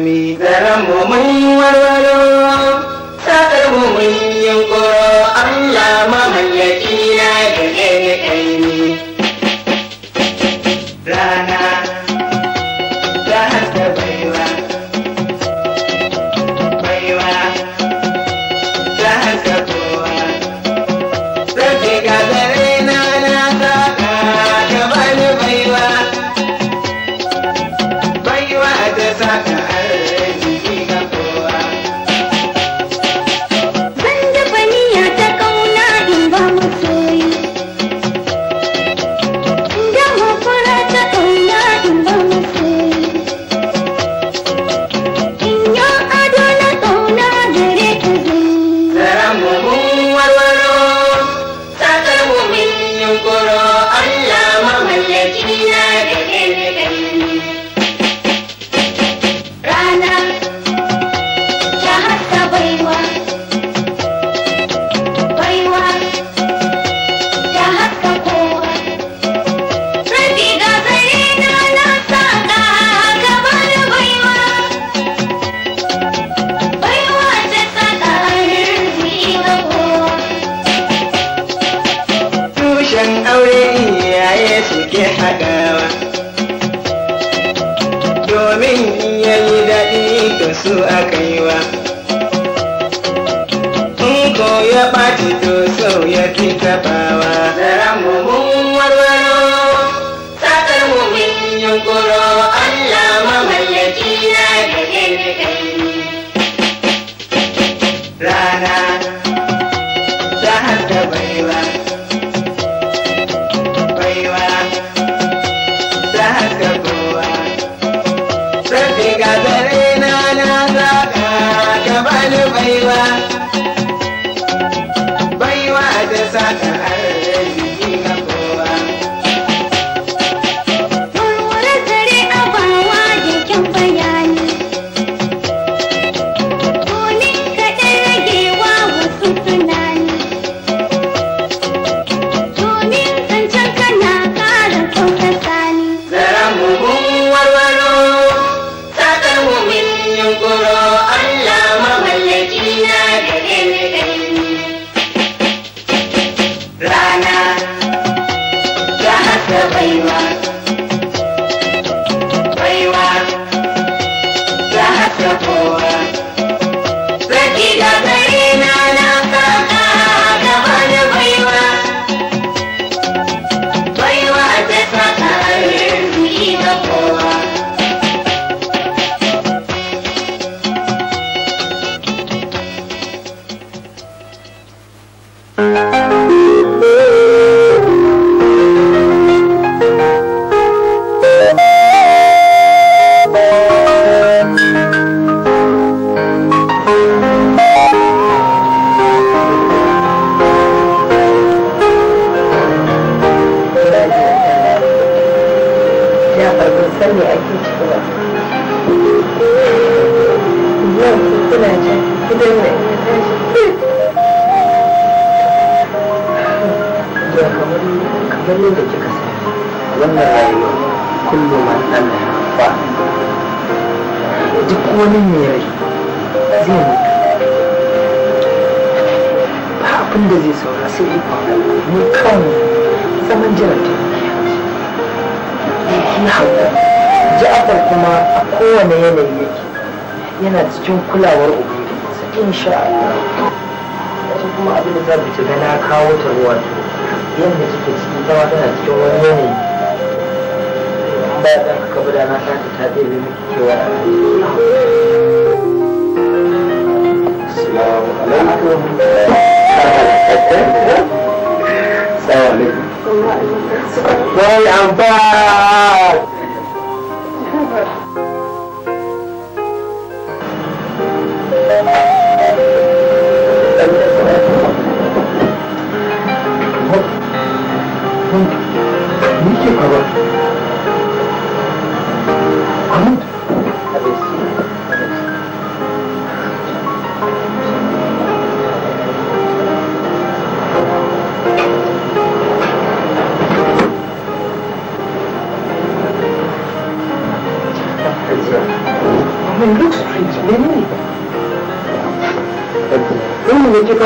lami. Daren mu mun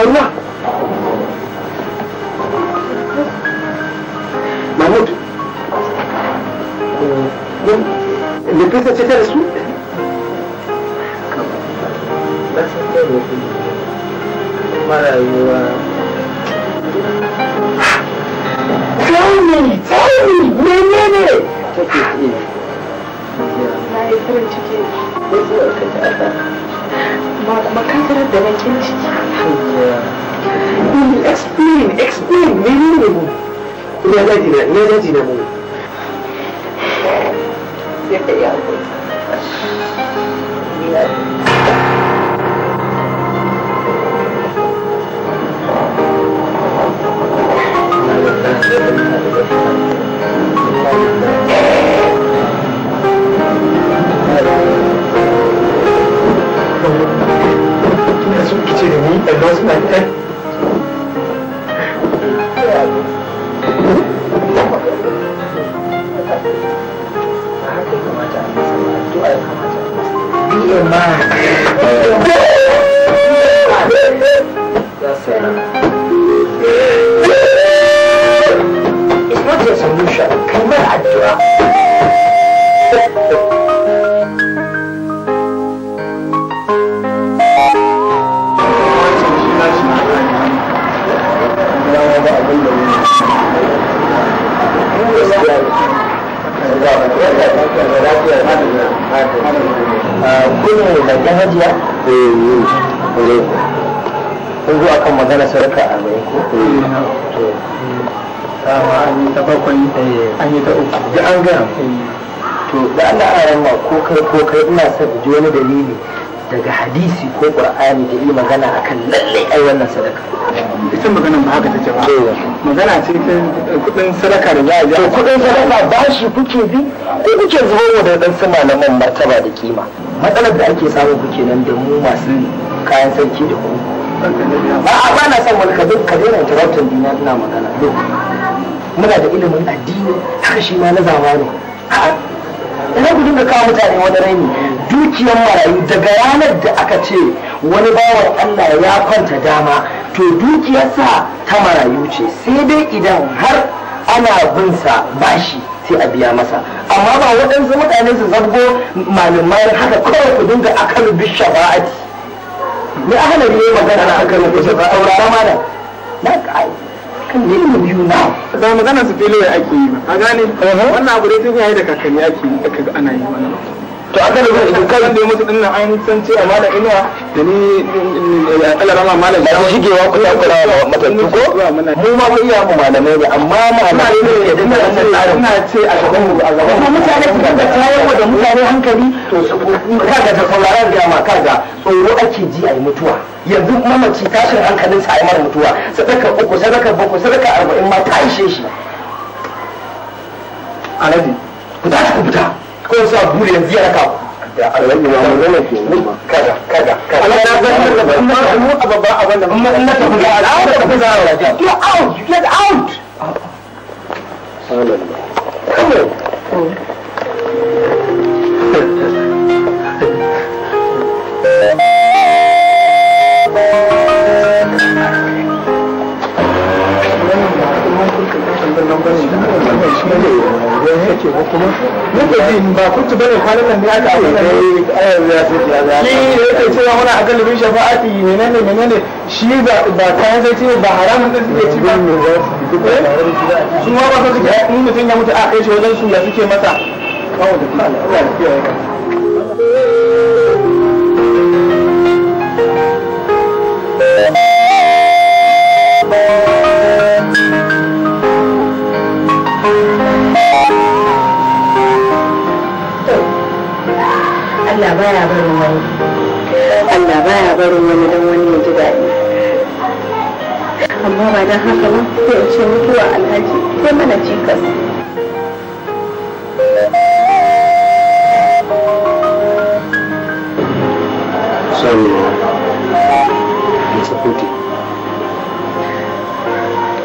на ji wani dalili daga hadisi ko qur'ani da yi magana akan lalle ai wannan sadaka ita magana ba haka take ba magana ce ta kudin sadaka da za a ji kudin sadaka ba shi kuke bi ko kuke zuwa da dan sama na man martaba da kima matsalar da ake samu kuke nan da mu masu kayan sarki da ku a'a ba na son wani ka zo ka daina dina ina magana muna da ilimin addini haka shi ma na zamani a'a ina ku dinga kawo mutane wani raini dukiyar marayu daga ranar da aka ce wani bawan Allah ya kwanta dama to dukiyarsa ta marayu ce sai dai idan har ana binsa bashi sai a biya masa amma ba waɗansu mutane su zargo malamai haka kawai ku dinga akan bisha ba'ati ni ahalar ne magana na akan bisha ba'ati saurara mana na kan biyu na ba magana su filo ya ake yi ba a gane wannan abu dai tun yi da kakanni ake yi aka ana yi wannan to aka da zai kai da musu dinnan an san ce amma da ina da ni Allah ma malam ya ku shigewa ku takura wa matattu ko mu ma mu iya mu malamai ne amma malamai ne ya dinga tsarin ina ce a gaban mu a gaban mu mutane su da tsayawa da mutane hankali to su kaga da sauraron da ma kaga tsoro ake ji a yi mutuwa yanzu mamaci tashin hankalin sa mara mutuwa sadaka uku sadaka bakwai sadaka arba'in ma ta ishe shi alaji ku tashi ku fita ko sa buri yanzu ya raka da alwani kallon bane da wannan shi ne ya yake ko kuma nake ji ba kuntu bane kwanan nan ne aka aka ne ayar ya ce ya ga shi yake cewa wala akalibin shafa'ati menene menene shi ba ba kayan sai ce ba haramun din suke ci eh? ba su ma ba su suke in mutum ya mutu a kai shi wajen su ya suke masa kawo da kala Allah ya kiyaye ka baya barin wani Allah baya barin wani don wani ya ji daɗi amma ba don haka ba sai in ce mutuwa alhaji sai mana cikas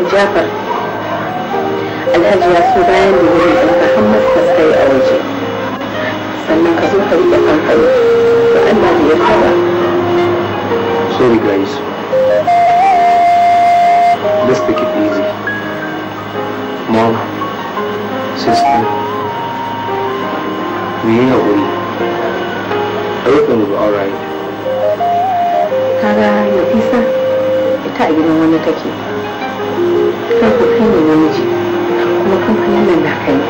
Jafar, Alhaji ya so bayan da wuri ɗan Muhammad ta sai a waje. sannan ka zo ka riƙe hankali da Allah da ya faɗa. Sorry guys. Let's take it easy. Mom, sister, we yi haƙuri. Everything will be alright. Kaga Nafisa, ita a gidan wani take. Kan ku kai ne namiji, kuma kan kanka yana da kai.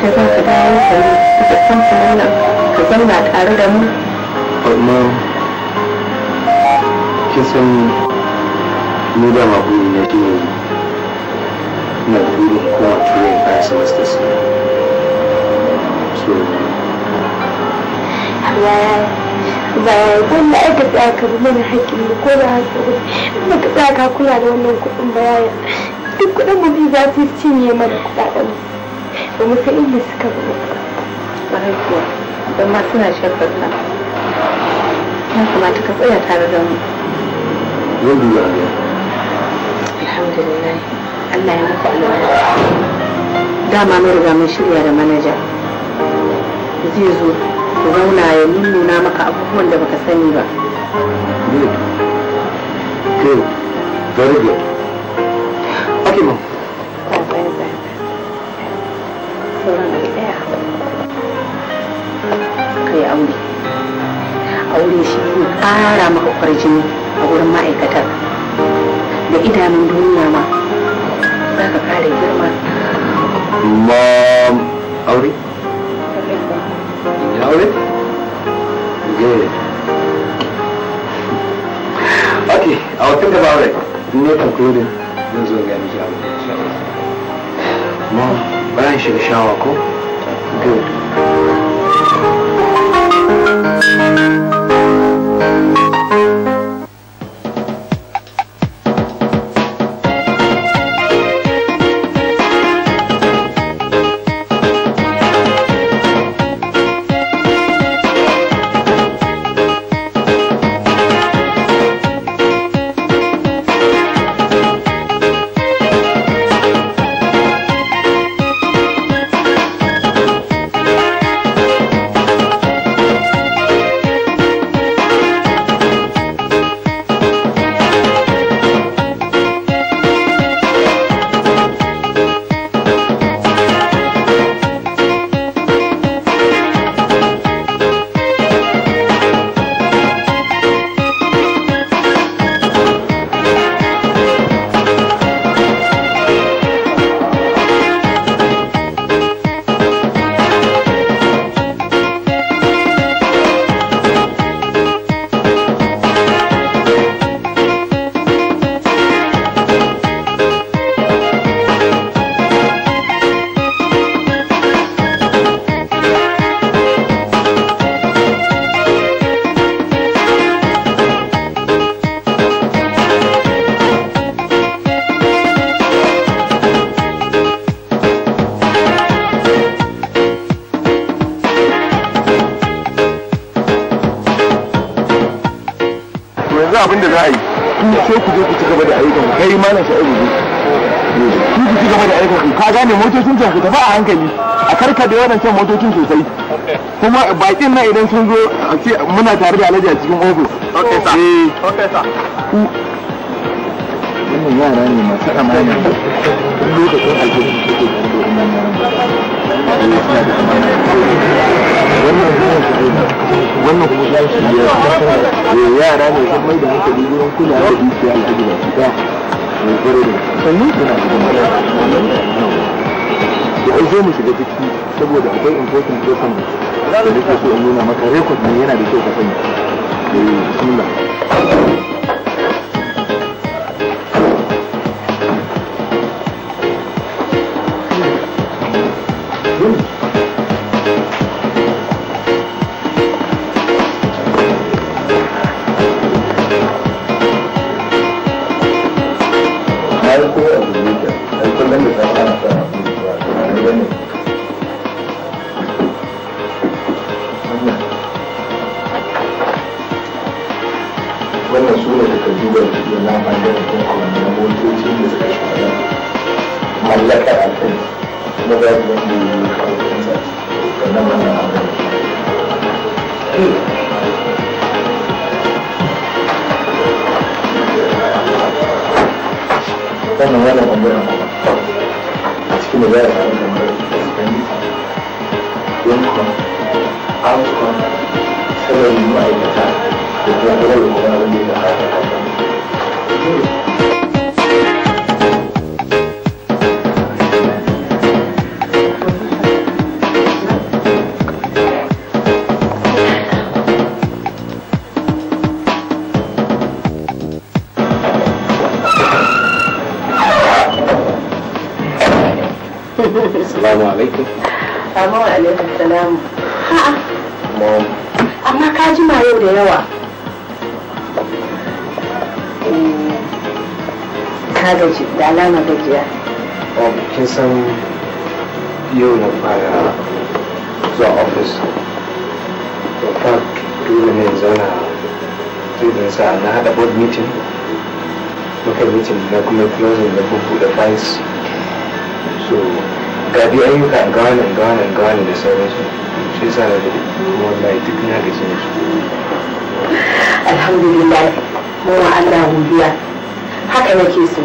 ta za ka dawo ka yi da san wannan ka zauna tare da mu amma kin san ni da ma buri na ke na da burin kuma turai bayan semester su so yaya ba wanda aka tsaka mana haƙƙin mu ko da haka ba kuma ka tsaka kula da wannan kuɗin ba yaya duk kuɗin mu za su cinye mana kuɗaɗen mu domin ta inda suka ɓarai kuwa don ma suna shakar fasa. ya kamata ka tsaya tare da mu zan alhamdulillah Allah ya muku albarka dama mun riga mun shirya da manaja zai zo ku zauna ya nuna maka abubuwan da baka sani ba Good. Very good. Okay, mom. yi aure aure shi ne ƙara maka kwarjini a wurin ma'aikatar da idanun duniya ma za ka kare girma ma aure zan zo aure. Ma, bayan shiga shawa ko? Good. tafi a hankali a karkade waɗancan motocin sosai kuma bakin na idan sun zo a ce muna tare da alhaji a cikin ofis eh. wannan yara ne masu amana da wannan ya ya eh, yara ne mai da hankali wurin kula da dukiya alhaji ba kula da da da ai zo mu shiga ciki saboda akwai important person da nake so in nuna maka record ne yana da kyau ka sani eh, bismillah Thank you. da alama gajiya oh, kin san yau na fara zuwa ofis in fact dole ne zauna zai sa na hada board meeting muka meeting na kuma closing da buku da files so ga dai ayyuka ga wani ga wani ga wani da sauransu shi yasa na da kuma wallahi duk na gaji ne alhamdulillah mu Allah godiya haka nake so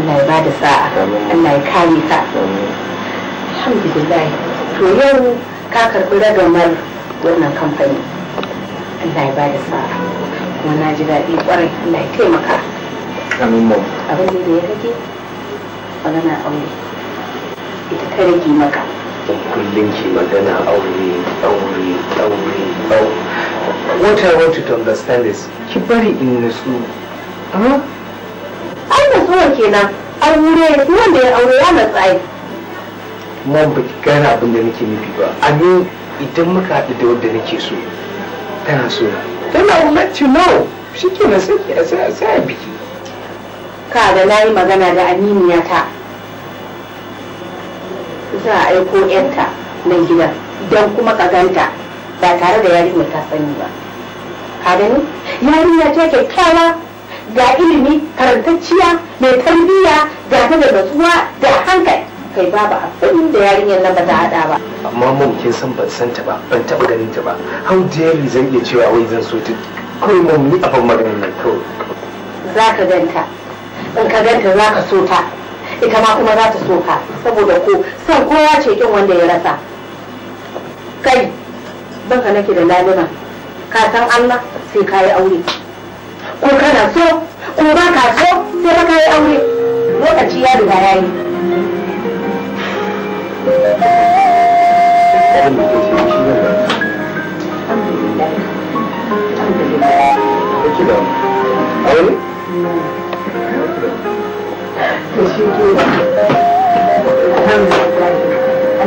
Allah ya bada sa'a Allah ya kare ka alhamdulillah to yau ka karɓi ragamar wannan kamfani Allah ya bada sa'a kuma na ji daɗi ƙwarai Allah ya taimaka amin mu abin da ya rage magana aure ita ta rage maka kullum ki magana aure aure aure aure what I want you to understand is ki bari in nasu abubuwan kenan aure fi wanda ya aure ya matsayi man ba ki gane abin da nake nufi ba amin idan muka haɗu da wanda nake so tana so na tana will let you know shi kenan sai a biki ka ga na yi magana da ta za a aiko yanta na gida don kuma ganta ba tare da yarinya ta sani ba ka gani yarinya ta kyakkyawa ga ilimi karantacciya mai tarbiyya ga ta da natsuwa da hankali kai babu abin da yarinyar nan ba ta hada ba amma mun kin san ban san ta ba ban taba ganin ta ba how dare zan iya cewa wai zan so ta kai mun ni abin maganin nan ko za ka ganta in ka ganta za ka so ta ita ma kuma za ta so ka saboda ko san kowa ce kin wanda ya rasa kai ka nake da lalima ka san Allah sai ka yi aure ko kana so ko ba ka so sai maka yi aure lokaci ya riga ya yi Allah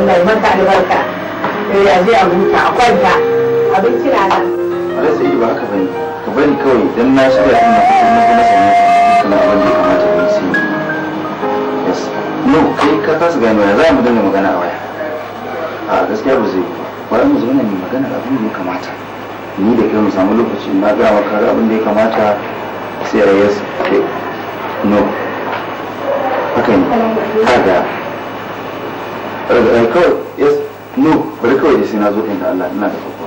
ya maka albarka. Ya zai a huta a kwanta abinci na nan. yi ba haka bane. bari kawai don na shirya ina fitar na kuma sanya kuma abin da ya kamata da sai yes no kai ka kasa gani ya za mu dinga magana a waya a gaskiya ba zai yi ba mu zauna mai magana abin da ya kamata ni da kai mu samu lokaci na ga maka abin da ya kamata sai ya yes kai no haka ne kaga kawai yes no bari kawai sai na zo kai da Allah ina da farko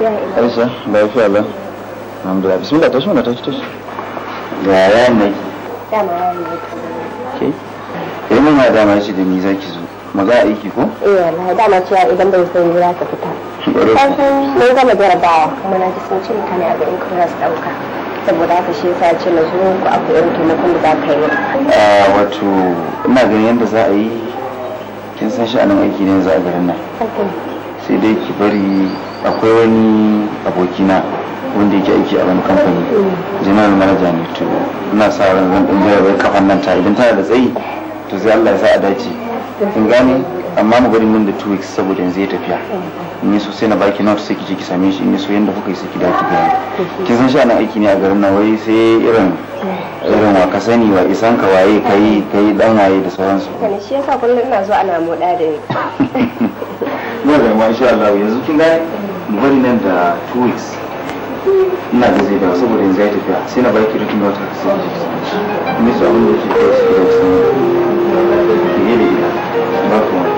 Aisha, lafiya lau. Alhamdulillah, bismillah tashi mana tashi tashi. Ga yayan ne. Dama yayan ne. Ke? Kai mun dama ce da ni zaki zo. Maza aiki ko? Eh, wallahi dama ce idan bai zo ni za ka fita. Kan san mun gama jarabawa kuma na ji sun ce mutane a garin kuma su dauka. saboda haka shi yasa ce na zo ku a irin taimakon da za ka yi. wato ina ganin yadda za a yi kin san shi sha'anin aiki ne za a garin nan. sai dai ki bari akwai wani abokina wanda yake aiki a wani kamfani general manager ne to ina sa ran zan ɗan kafan nan ta idan tana da tsayi to sai Allah ya sa a dace kin gane amma mu bari nan da two weeks saboda yanzu ya tafiya in so sai na baki not sai kije ki same shi so yanda kuka yi sai ki da ki gaya kin san aiki ne a garin nan wai sai irin irin wa ka sani wa isan ka waye kai kai dan waye da sauransu kana shi yasa kullum ina zuwa ana moda da ni da ma insha Allah yanzu kin ga mu bari nan da two weeks ina da zai dawo saboda yanzu ya tafiya sai na baki rikin note sai ki same shi in so abin da yake da ne ne ne ba ne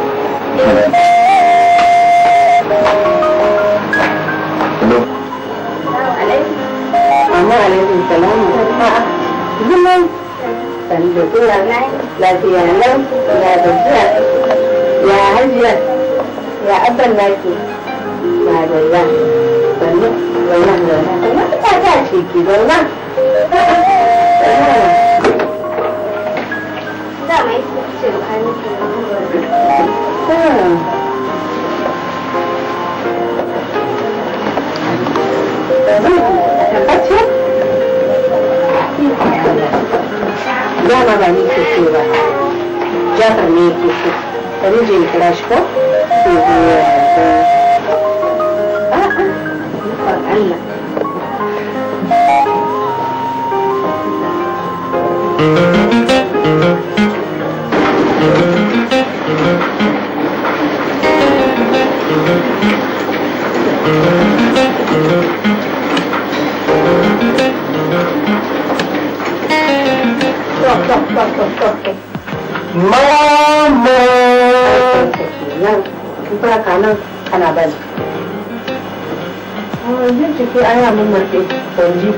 lafiya nan ya gajiya ya hajiya ya abban naki ce triển thank you Mama! Nan, ba kana bani. Zai ciki mace, gani.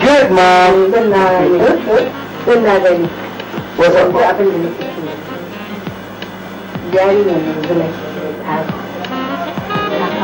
Good ma! gani. gani. ne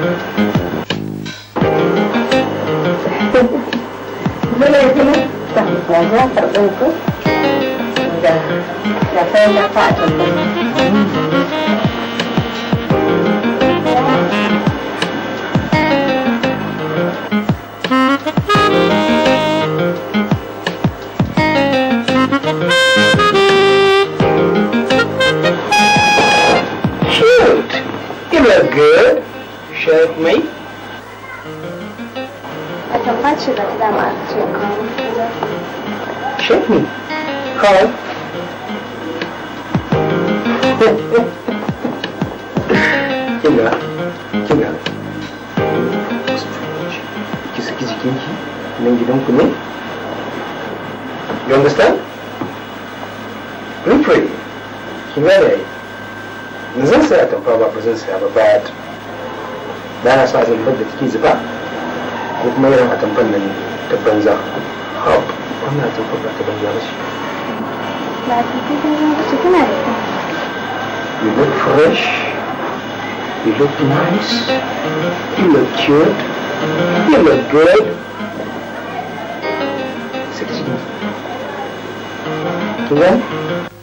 Shoot! You look good. ce da dama a ce Shake me. Cry. Kinga. Ki saki jikinki nan ne? You understand? Be free. Kin gane Zan saya tamfa ba ba zan saya ba but na so zan da kike zuba. ko kuma irin a tamban nan ta banza hab wannan a tamban ta banza ba shi ba ta ta banza ba da kyau you look fresh you look nice you look cute you look great to them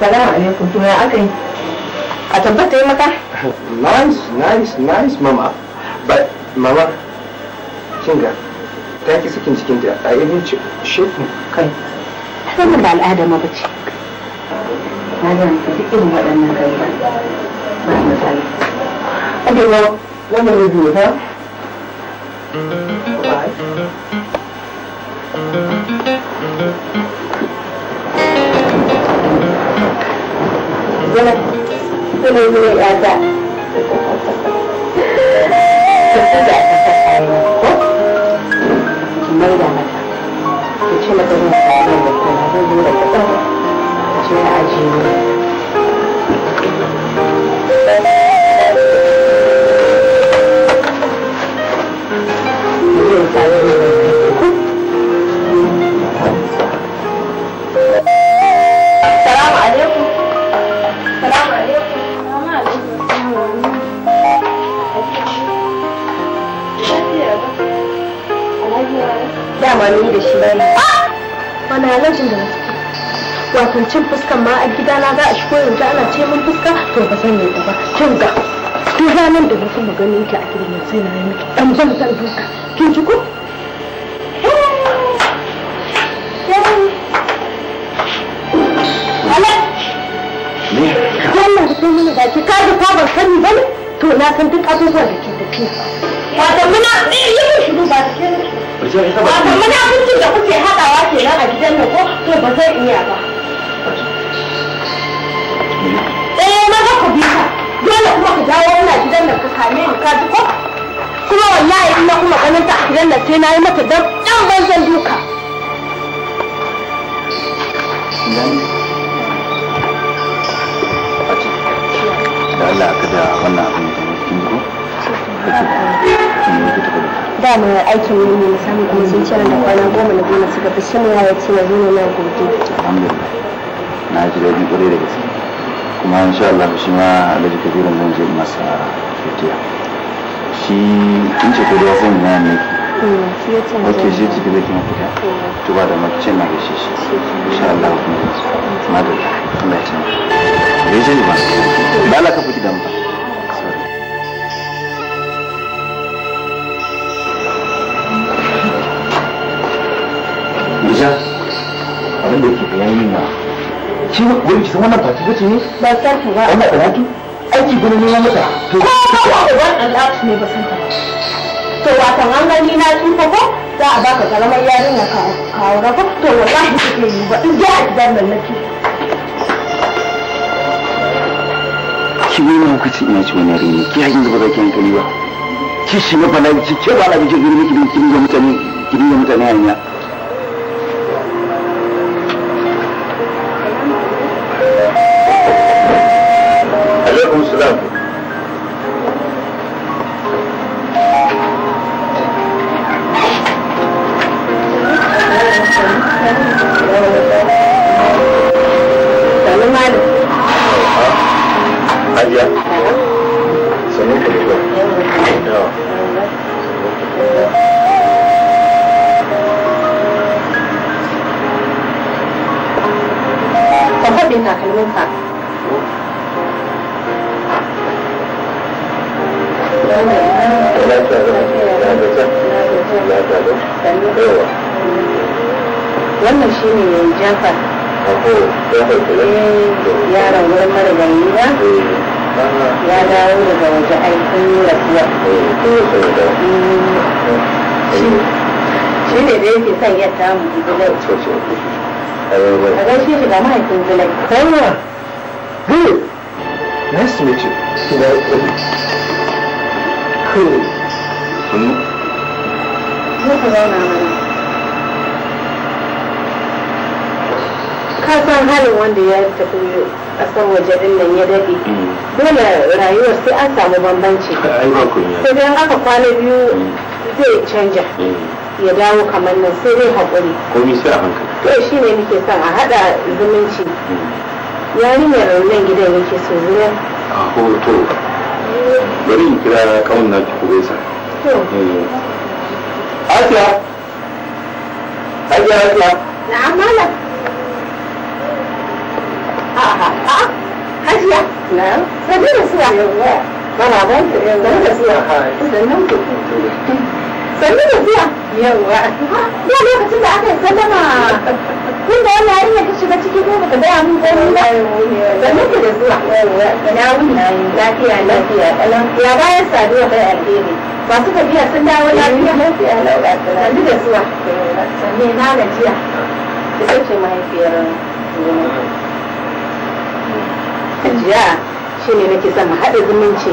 Salamu alaikum aka yi. A tabbata yi maka? Nice, nice, nice mama. But mama, kinga, ta ki cikin ta a kai. da al'ada ma bace. Na duk irin waɗannan kai ba. Okay, well, let me leave you with her. Bye. magana ne ne ya ta da aka Salamu alaikum. dama ni da shi ne wani alajin da wato cin fuskan ma a gidana za a shigo yanzu ana ce min fuska to ba zan yi ba kin ga duk ranar da na kuma ganin ki a gidan sai na yi miki dan zan san fuska kin ji ko Wannan da mini ba ki kaji ko ban sani ba ne? To na san duk abubuwan da ke tafiya. Wato muna to ita ba ta abincin da kuke hadawa kenan a gidan nan ko to ba zan iya ba eh maza ku bi ka dole kuma ku dawo wannan gidan nan ka same ni ka ji kuma wallahi in na kuma ganin ta a gidan nan sai na yi mata dan dan banzan duka da Allah ka da wannan abin da mutum ko? ba mu aikin yi ne musamman kuma sun ce da kwana goma na goma suka fi shi ne ya ce ya zo ne na gobe alhamdulillah na ji daɗi ƙwarai da gaske kuma in sha Allah shi ma alhaji kabiru zan je masa fitiya shi in ce ko da mm, ya sani na ne ok shi ciki zai kuma fita mm. to ba da mace na gaishe shi in sha Allah kuma da su madalla Allah ya ce ne ba ba la ka fi gidan ba Isha, abin da ke bayanin na. Ki wani ki san wannan fati bace ne? Ba sarki ba. Wannan karatu? Aiki gani ne ya mata. Ko ba uban al'adu ne ba san ta. To watan an gani na tsufa ko za a baka karamar yarinya ka kawo rafa to wallahi kike yi ba. In ji a gidan nan nake. Ki wani hukuncin ina ci wani yarinya ki hakin zuba zaki hankali ba. Ki shiga bala'i ki ke bala'i ki gani miki ki dinga mutane ki dinga mutane hanya. so ce nice to meet you ka san halin wanda ya tafi kasar waje din nan ya dade dole rayuwar sai an samu bambanci sai dan aka kwana biyu zai canja ya dawo kamar nan sai dai haƙuri komi sai a hankali to shi ne muke son a haɗa zumunci hmm. yarinyar nan gidan yake so zuwa a hoto bari in kira kawun na ki kubesa eh. Asiya Asiya Asiya na'am malam a'a a'a Hajiya na'am sabi da suwa yawa Bana ban da suwa sannan ku sannan da suwa yawa ya lokacin da aka yi sallama tun da wannan yarinya ta shiga ciki ko baka gaya mun komai ba da muke da zuwa na wuni lafiya lafiya ya bayan saduwa kai alheri masu tafiya sun dawo eh, lafiya lafiya sannu da zuwa Me na gajiya ki sace mahaifiyar Jiya shine ne nake son haɗa zumunci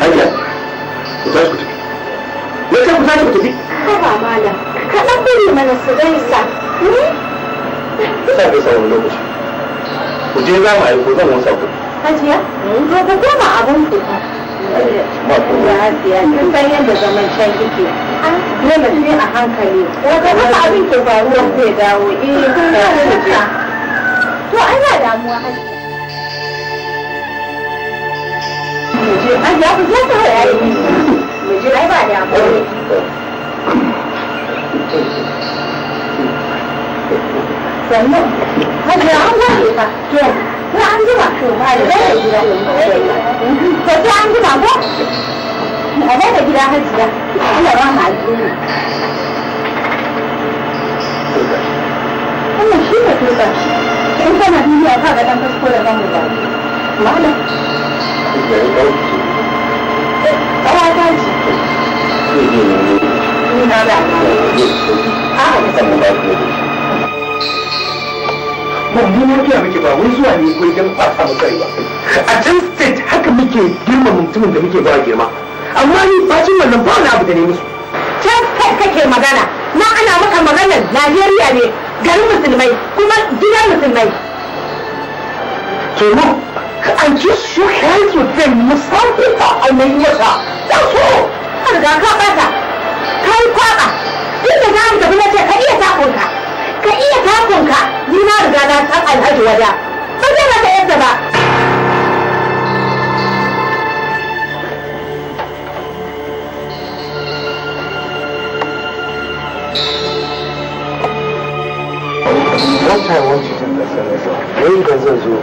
hanya ku tashi ku tafi na ce ku tashi ku tafi haba mala ka dan bari mana su gaisa hmm? ku sa gaisa wani lokaci ku je za mu aiko zan wasa ku hajiya to ku koma abin ku ba ku ya hajiya kin san yadda zaman can kike ah, dole sai a hankali wata haka abin ke faruwa zai dawo eh to ana damuwa hajiya muje an ya fi yi muje ai ba da abuwa sannan hajiya an gode fa to ko an to ba da zai gida sai an zuba ko a da gida hajiya Allah ba mu aljihu wannan shi ne tusa in kana duniya ka ga dan kasko da kan malam da ne A zuwa ne ba. A state haka muke girma mutumin da muke ba girma. Amma ni bacin wannan ba abu da musu. Can state kake magana. Na ana maka maganar Najeriya ne garin musulmai kuma gidan musulmai. To and just shook hands with musamman a nan yasa that's so? ka riga ka bata ka yi kwaba duk da na gaba na ce ka iya takunka ka iya takunka ni na riga na san alhaji wada ba zai mata yadda ba What I want you to understand is, when does it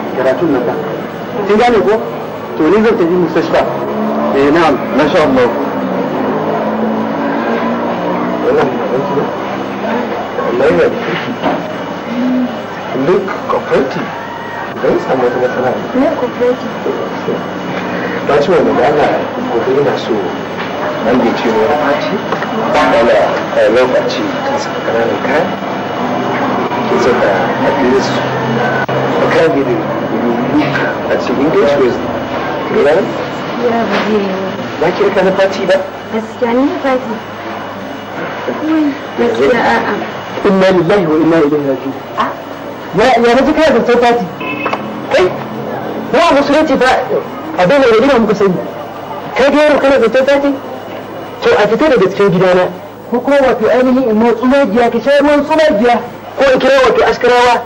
karatun nan ba kin gane ko to ni zan tafi mustashfa eh na'am masha Allah wallahi ya duk samu wata matsala ne ba na gobe ina so ce wani lokaci kan kai. ke saka a a a cikin english with fati ba? Gaskiya fati. Gaskiya Inna lillahi wa inna ilaihi raji'un. Ya ya naji kai da fati. Kai ba musulunci ba abin da rigima muka sani. Kai ga yaro kana da fati? To a fita daga cikin gidana. Ko kuma wato ainihin in ma tsumagiya ka sha ruwan tsumagiya ko in kira wato askarawa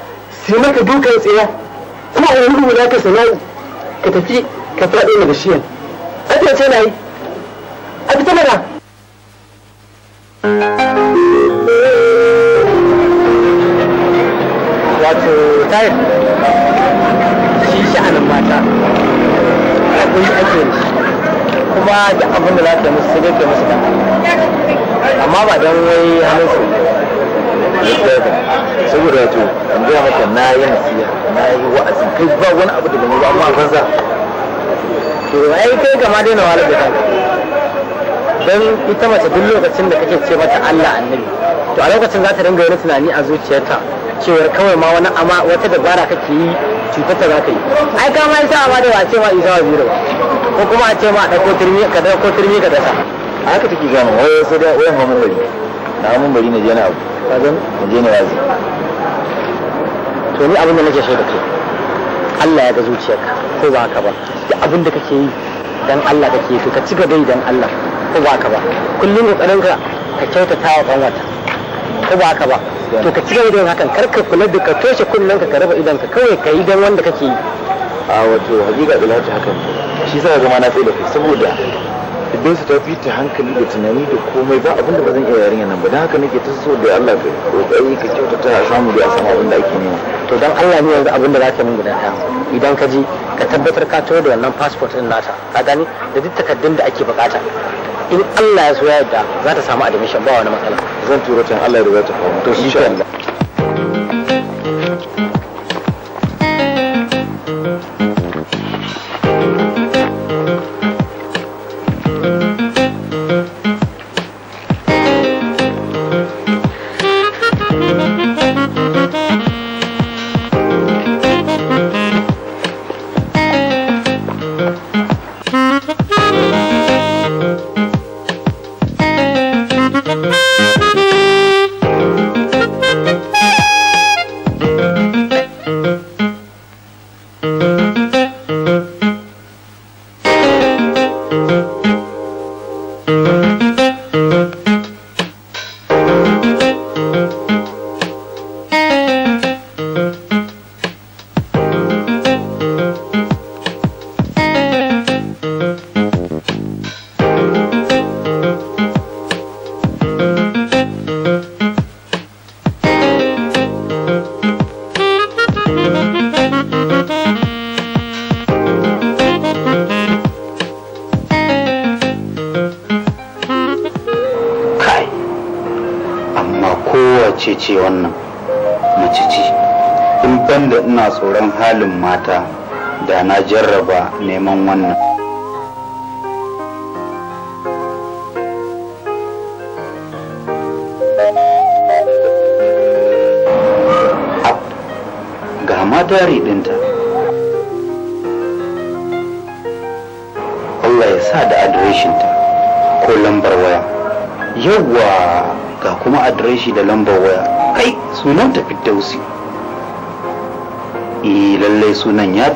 sai maka dukan tsaya. kuma a wani rubuta ka sana'u ka tafi ka faɗi daga shi a ce na yi a fita mana wato tayar shi sha'anin mata akwai ake kuma da abin da za ta musu sai dai musu da amma ba don wai hannun su saboda wato an gaya maka na yi nasiha na yi wa'azin kai ba wani abu da gani ba amma ban za to ai kai gama daina wala da kanka dan ita mace duk lokacin da kake ce mata Allah annabi to a lokacin za ta dinga wani tunani a zuciyarta cewar kawai ma wani ama wata dabara kake yi cutar ta za ka yi ai ka ma isa amma da ba a ce ma isa wa biyu ba ko kuma a ce ma a ɗauko turmi ka ɗauko turmi ka dasa haka take gama wai sai dai wayan mamallari na mun bari na je na abu ka na je na yazi to ni abin da nake so da kai Allah ya ga zuciyarka ko ba ka ba duk abin da kake yi dan Allah kake yi to ka ci gaba dan Allah ko ba ka ba kullum kokarin ka ka kyautata wa dan wata ko ba ka ba to ka ci gaba da hakan kar ka kula da ka toshe kullun ka ka raba idan ka kawai ka yi dan wanda kake yi a wato hakika ila ta hakan shi sa zama na tsaye da saboda su ta fita hankali da tunani da komai ba abinda ba zan iya yarinya nan ba don haka nake ta so da Allah ka kokari ka kyautata a samu da a samu abin da ake nema to dan Allah ne yanzu abin da za ka min guda ɗaya idan ka ji ka tabbatar ka tawo da wannan passport din nata ka gani da duk takardun da ake bukata in Allah ya so ya yarda za ta samu admission ba wani matsala zan tura ta Allah ya rubuta ta famu to insha Allah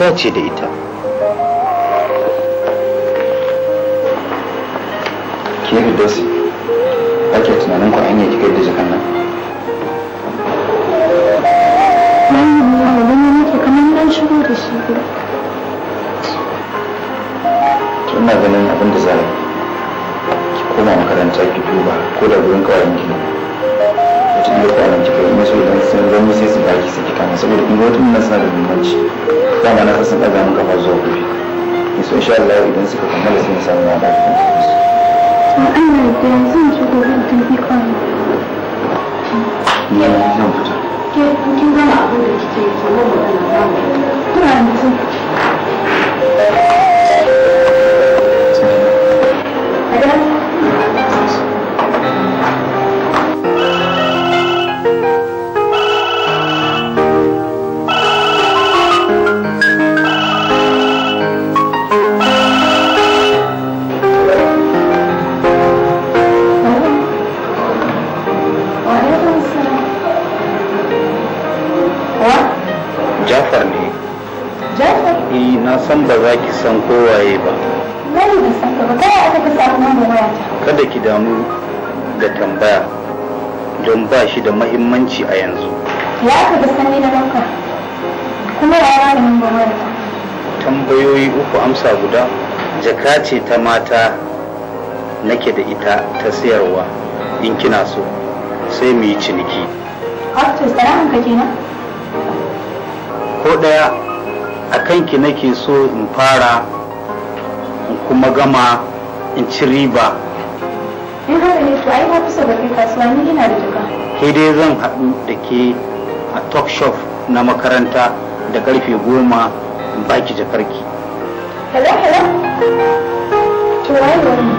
Occidente. muhimmanci ma na kasan ɗaga mun kafa zuwa gobe in so insha Allah idan suka kammala sai na samu na ba ku Allah ya zan ci gobe da tafi kwano. Ni zan fita. Ke kin gama abin da kike yi, sannan mu ɗan zamu. Kuna da mutum. san ba za ki san kowaye ba ba kada ki damu da tambaya don ba shi da mahimmanci a yanzu ya ka da sani na maka kuma ya da mun ba tambayoyi uku amsa guda jaka ce ta mata nake da ita ta sayarwa in kina so sai mu yi ciniki. Haftu, salamun ka kenan? Ko ɗaya a kanki nake so in fara in kuma gama in ci riba in haka ne to ai ba kusa ba kai kasuwa ni ina da duka ke dai zan haɗu da ke a talk shop na makaranta da karfe goma in baki jakarki hello hello to wai wani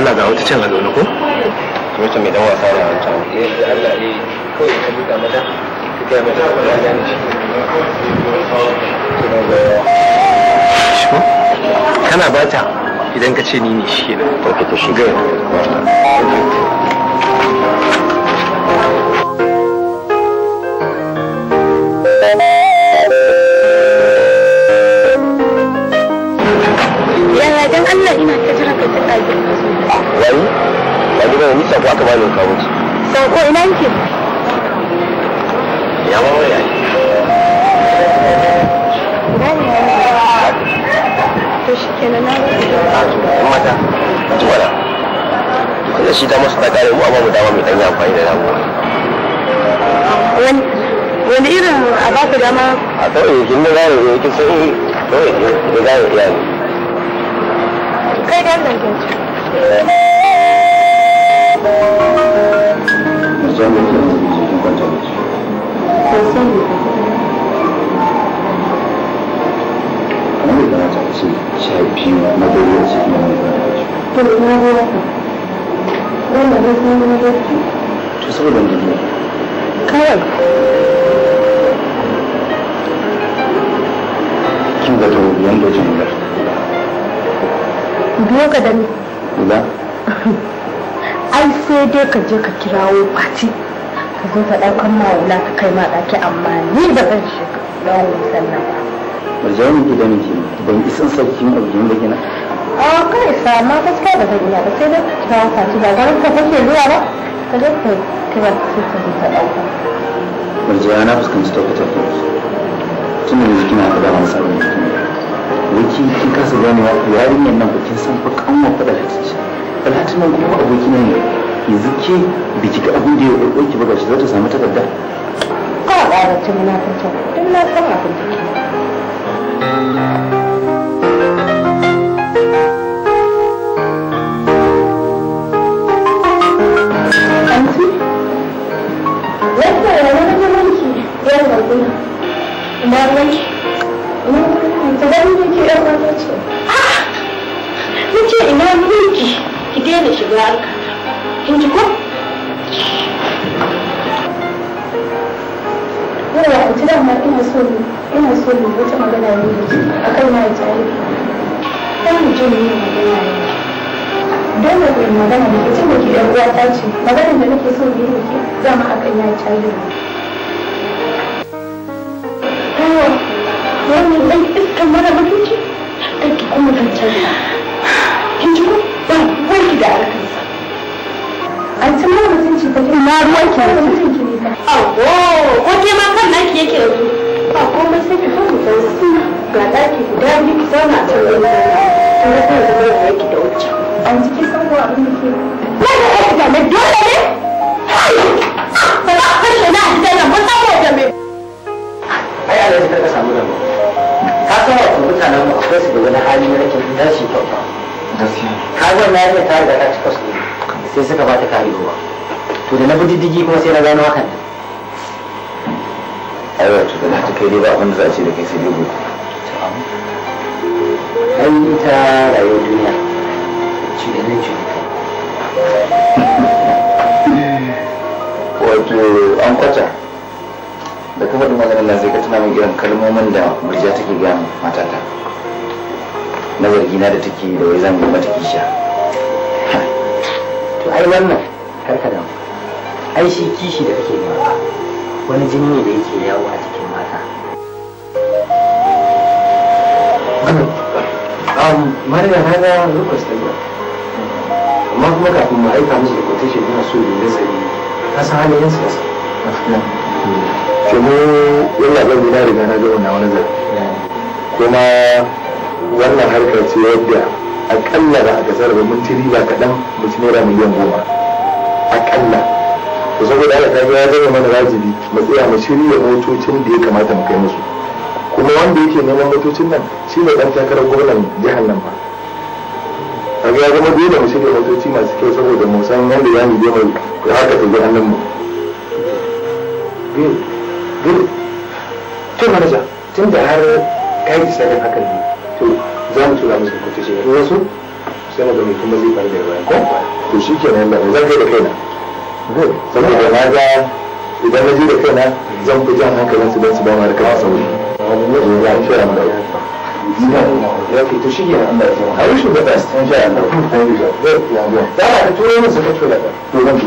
Allah ga wata can a zaune ko? mai dan wasa da wancan. Allah ne kawai ka ba Kana bata idan ka ce ni ne shi ne. Ka fito aka bani ka mutu? sau ko ina yake ya shi na ah, mata wanda shi ta mu a bamu amfani da damuwa wani irin a ba dama a sai kawai eh, da jami'ar ka da ni sai dai ka je ka kirawo fati ka zo ka ɗaukan mawula ka kai ma ɗaki amma ni ba zan shi yawon musallan ba. Marjawa ne gidan miji ban isan sarkin aljihun da gina. A kai sa ma gaskiya ba zan iya ba sai dai ka kirawo fati ba garin ka kake zuwa ba ka je ka kira sai ka zo ka ɗauka. Marjawa na fuskanci tabbatar da su. Tun da yanzu kina da damar samun jikin. Wiki kin kasa ganewa yarinyar nan ba kin san fa kanwa faɗa da kici. Alhaji nan kuma abokina ne. yanzu ke biki abin da ya ɗauko ki ba gashi za ta samu takarda. Ka ƙara ta munafincin, na san abin da ke. Nake ina ah! ki daina shiga harka. kin ji ko yawa ku ci dama ina so ne ina so ne wata magana ne da akan na ya tare kan mutum ne magana ne dole ku yi magana da ke tunda ki ɗan uwa ta ce maganar da nake so ne da ke zama akan ya tare wannan ɗan iskan mara mutunci take kuma ina ruwan ki ko ke ma kan naki yake ba komai sai ki zo mu zauna ga daki guda biyu ki zauna a can ɗin kin ga sai zama da yake da wuce an ji kin san ko abin ke ba da yake da mai dole ne ba ka kashe na a gidan nan ba saboda me ai Allah ya ka samu da mu ka san wato mutanen mu akwai su da wani hali na rashin shi kyauta ka na ya ta riga ta cika su sai suka ba ta karewa to da na bi diddigi kuma sai na gano hakan ayo to da ta kai da ba wanda za a ce da kai sai dai gobe ai ta rayuwar duniya ci da nan ci wato an kwata da kuma da maganin nan sai ka tuna min irin kalmomin da murja take gaya matata na zargina da take da wai zan yi mata kisha to ai wannan karka mu ai shi kishi da kake ba wani jini ne da yake yawo a cikin mata um, mariya na ga rufus ɗin amma kuma kafin mu aika musu da quotation yana so da nazari ka san halin yan sa. ke mu yalla ban gida riga na ga wannan wani zai kuma wannan harkar ce yadda akalla da aka sarrafa mun ci riba kaɗan mu ci naira miliyan goma akalla to saboda haka kaga ya zama mana wajibi mu tsaya mu shirya motocin da ya kamata mu kai musu kuma wanda yake neman motocin nan shi ne dan takarar gwamnan jihar nan ba kaga ya zama dole mu shirya motoci masu kyau saboda mu san yanda za mu je mu da haka ta jihar nan mu to manaja tun da har ka yi sadin hakan ne to za mu tura musu motocin wasu sai mu ga mai kuma zai fara da bayan ko to shi ke shikenan Allah zan kai da kaina saboda na ga idan na ji da kaina zan fi jan hankalin su don su ba mu harkar sauri ya fi ya mura ya fi to shi ke nan da ya fi da best in sha Allah da ka turo min zakatu da to zan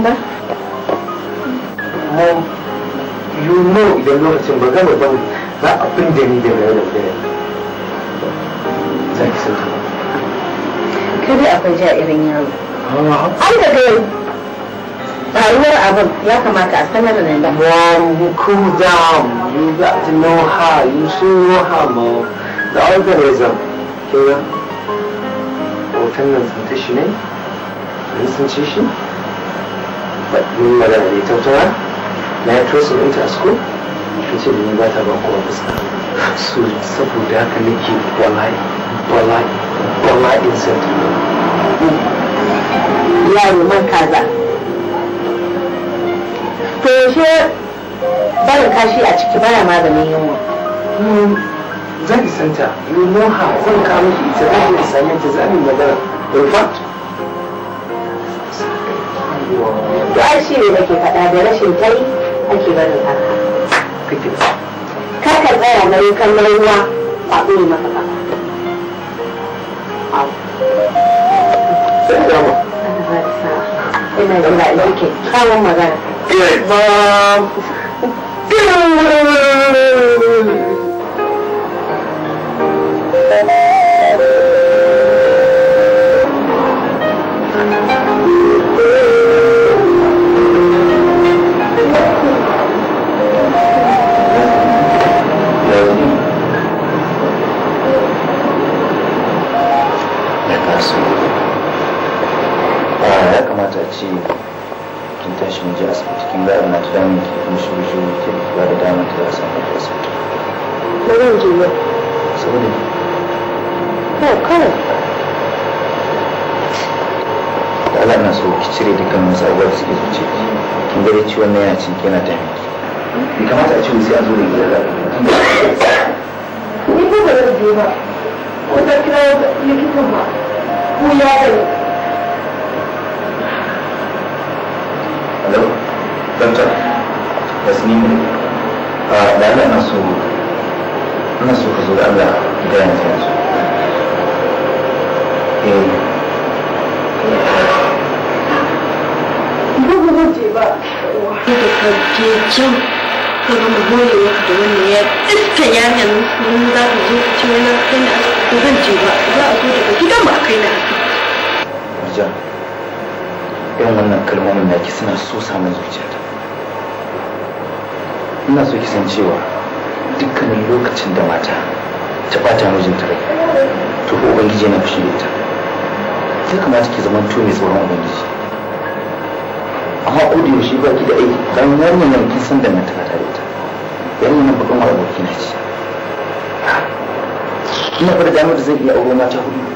nan ba you know idan lokacin ba gama ba ba da ni da da za ki san ka akwai ja irin yaro an da faruwar abin ya kamata a sanar da nan mom you cool down you got to know how you should know how mom the organism nan sun shi ne shi faɗi magana ne ita na ya tura sun ita a ta ce da ni ba ta ba kowa fuska so saboda haka nake bala'i bala'i bala'in sarki yaro man kaza to yaushe barin kashi a ciki baya maganin yunwa hmm, zan isanta you know how zan kawo shi ita zan isanta zan yi magana in fact to ai shi ne faɗa da rashin tai ake barin haka kar ka tsaya na yi ruwa a ɗuri maka magana Thank you. ce kin tashi mu je asibiti kin ga ina tunanin damun ki kuma shi shi ke ba da dama ta za a samu da su ba zan je ba saboda ko kawai da Allah na so ki cire dukkan wasu abubuwa da suke zuce ki kin ga dai ciwon nan yana cin ki ta miki bai kamata a ce sai a zo da gida da ni ba zan je ba ko da kira likitan ba ko ya da danta son a ah, da na so na ka zo da Allah da yanzu yanzu Bugu guje ba, wahala da kake can ka gama gole maka da ya ɗinka yayan mun za ku zo ka ci wani kai na ba zan ba, za a zo daga gidan mu a kai na haka. irin wannan kalmomin naki suna so samun zuciya. ina so ki san cewa dukkanin lokacin da mata ta bata mijinta rai to ko ubangiji yana fushi da ita ya kamata ki zama to mai tsoron ubangiji amma ko da yaushe ba ki da aiki dan wannan nan kin san da mata ta da ita yayin nan bakan aboki na ce ina fara damar da zai iya aure mata hudu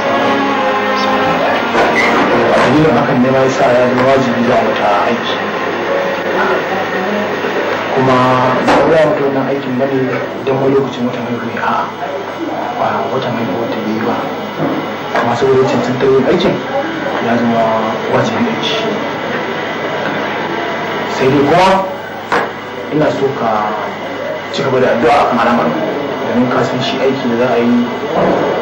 dalilin hakan ne ma yasa ya zama wajibi za a wata aiki kuma ba wai a wata wannan aikin bane don wani lokacin watan haihuwa a ba watan haihuwa ta yi ba amma saboda ta yin aikin ya zama wajibi aiki. shi sai dai kuma ina so ka ci gaba da addu'a a kan domin ka aiki da za a yi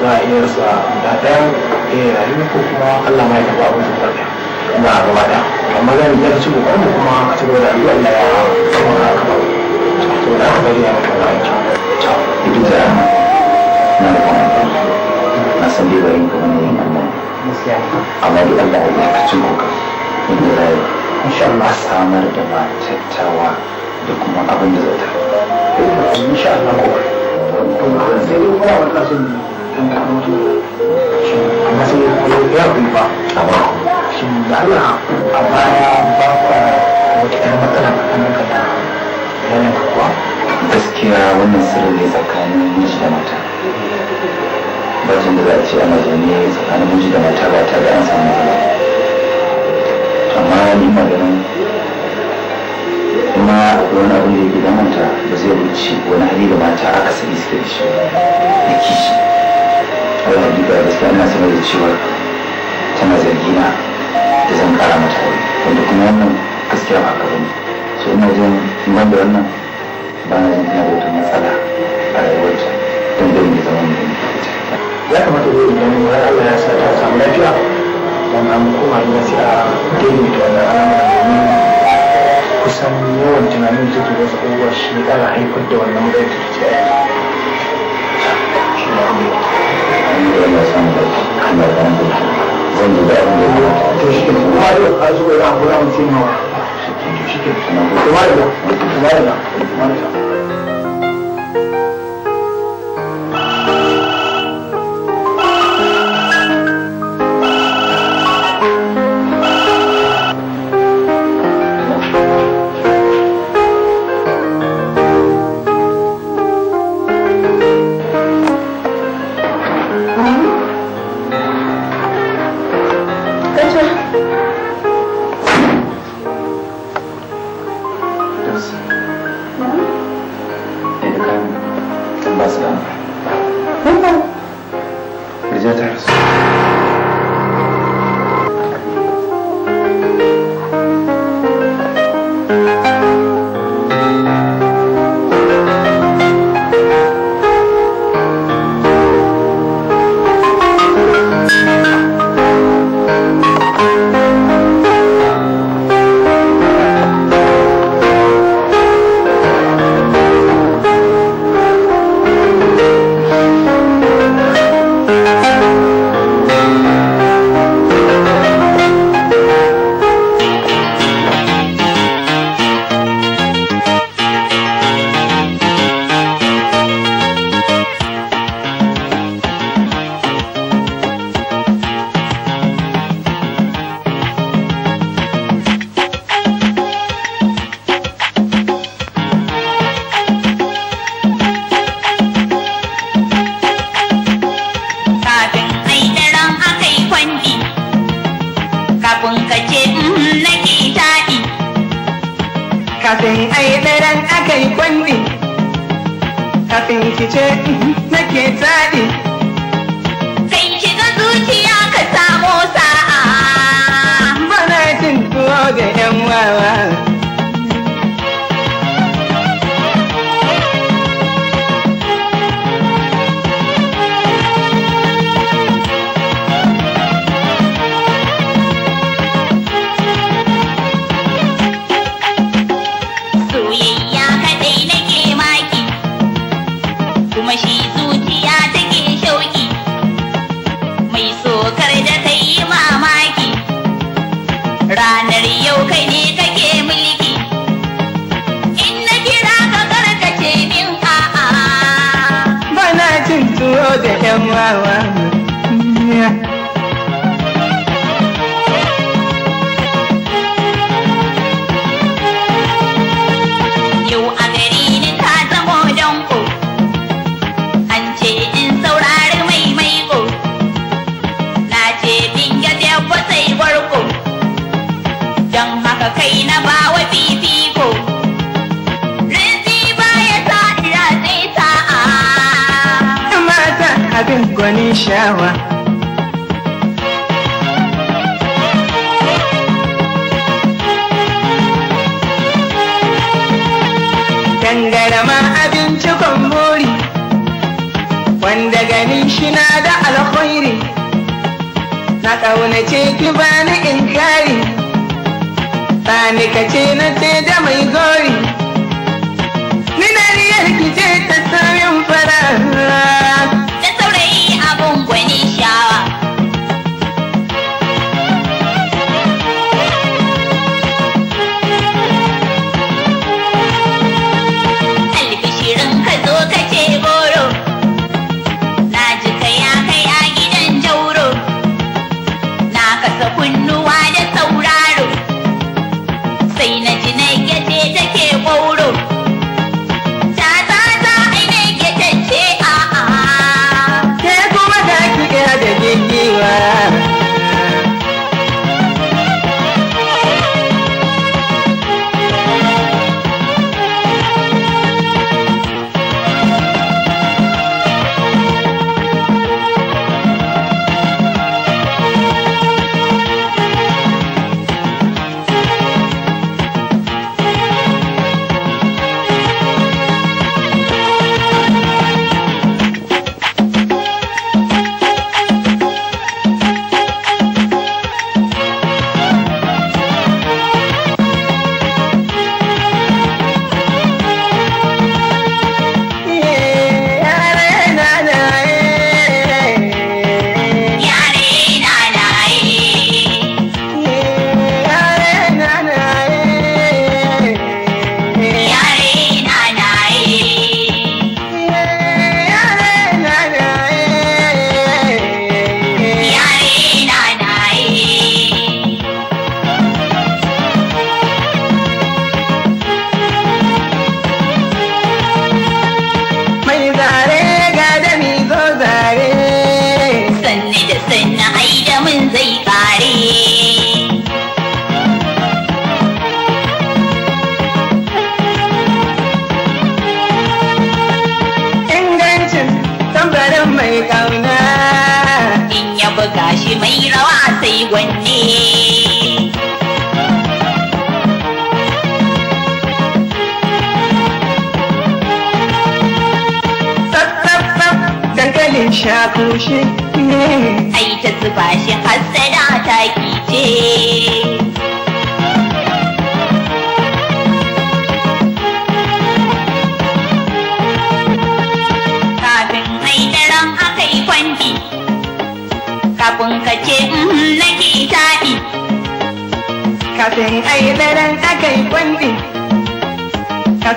za a iya rasa guda ɗaya iya eh, rayuwa ko kuma Allah ma ya taɓa abin da farka ina gaba da amma zan yi ci kokarin da kuma a cigaba da addu'a Allah ya samu na ka to da aka bari ya maka aiki ciao na da kuma na san dai bayin ka wannan yin Allah amma dai Allah ya ka ci kokarin inda rayu insha Allah samar da matattawa da kuma abin da zata insha Allah ko kuma wannan sun a matsayin kwallon ba shi ka kuwa gaskiya wannan sirri ne tsakanin miji da mata bajin da za a ce zaune tsakanin miji da mata ba tare an samu ba, amma ni maganin kuma wani abin da ya gida manta ba zai wuce wani hali da mata aka sani suke da shi da kishi wani gida gaskiya ina sanar da cewa tana zargi na da zan kara mata wani wanda kuma wannan gaskiya ba ka bane so ina jin ban da wannan ba na jin ina da wata matsala a rayuwarta don gani da zaman da ya kamata da idan wani Allah ya sa ta samu lafiya don an koma gida sai a daina da wannan al'amura kusan yawan tunanin da take wasu abubuwa shi ne ƙara haifar da wannan matsayin da take a yanzu. yana samun yana samun zan ji daɗin da a yawa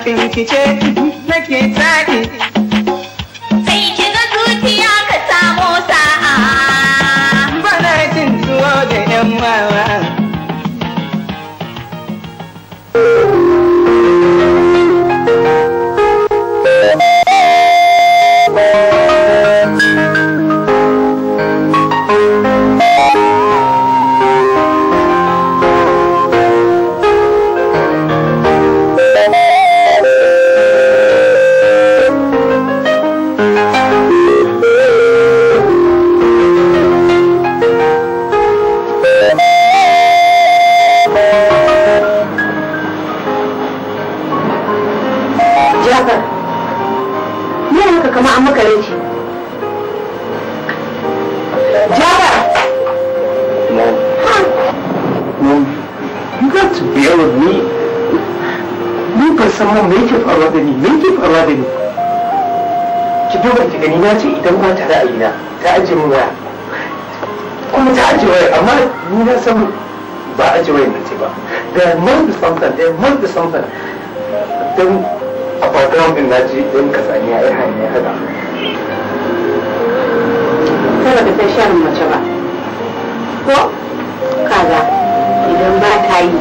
fim ko kaza idan ba ta yi